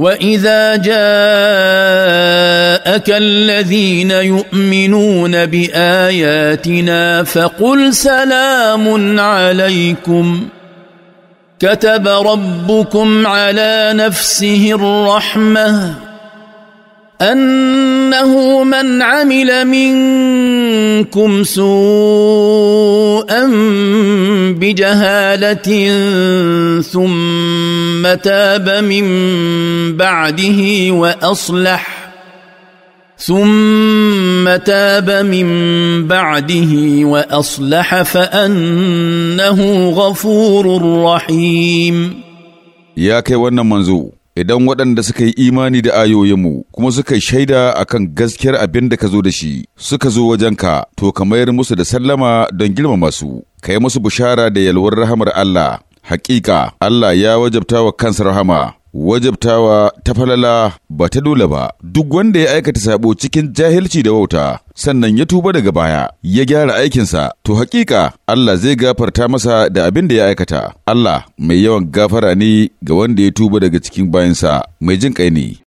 واذا جاءك الذين يؤمنون باياتنا فقل سلام عليكم كتب ربكم على نفسه الرحمه انه من عمل منكم سوءا بجهاله ثم تاب من بعده واصلح ثم تاب من بعده واصلح فانه غفور رحيم يا كي ونمنزو idan waɗanda suka yi imani da ayoyinmu kuma suka yi shaida a kan gaskiyar abin da ka zo da shi suka zo wajenka to ka mayar musu da sallama don girmama su ka yi musu bushara da yalwar rahamar Allah Haƙiƙa Allah ya wajabta wa kansa rahama wajabtawa ta falala ba ta dole ba duk wanda ya aikata sabo cikin jahilci da wauta sannan ya tuba daga baya ya gyara aikinsa to hakika Allah zai gafarta masa da abin da ya aikata Allah mai yawan gafara ne ga wanda ya tuba daga cikin bayansa mai jin kai ne